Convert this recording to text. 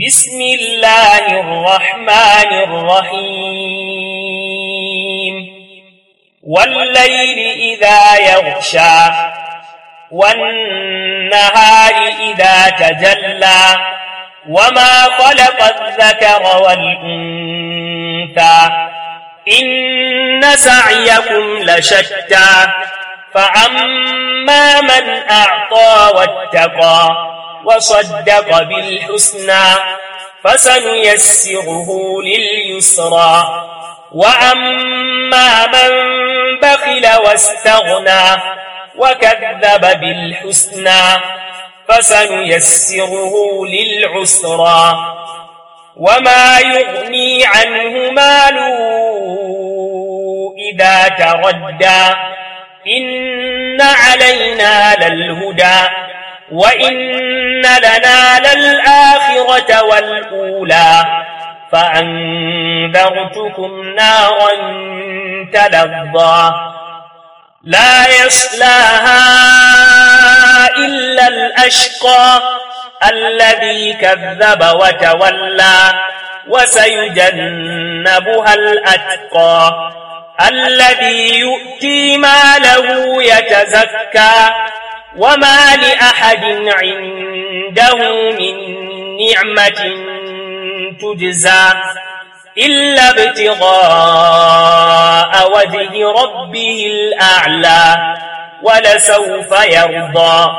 بسم الله الرحمن الرحيم والليل إذا يغشى والنهار إذا تجلى وما خلق الذكر والأنثى إن سعيكم لشتى فأما من أعطى واتقى وصدق بالحسنى فسنيسره لليسرى وأما من بخل واستغنى وكذب بالحسنى فسنيسره للعسرى وما يغني عنه مال إذا تردى إن علينا للهدى وإن لنا للآخرة والأولى فأنذرتكم نارا تلظى لا يصلاها إلا الأشقى الذي كذب وتولى وسيجنبها الأتقى الذي يؤتي ماله يتزكى وما لأحد عنده من نعمة تجزى إلا ابتغاء وجه ربه الأعلى ولسوف يرضى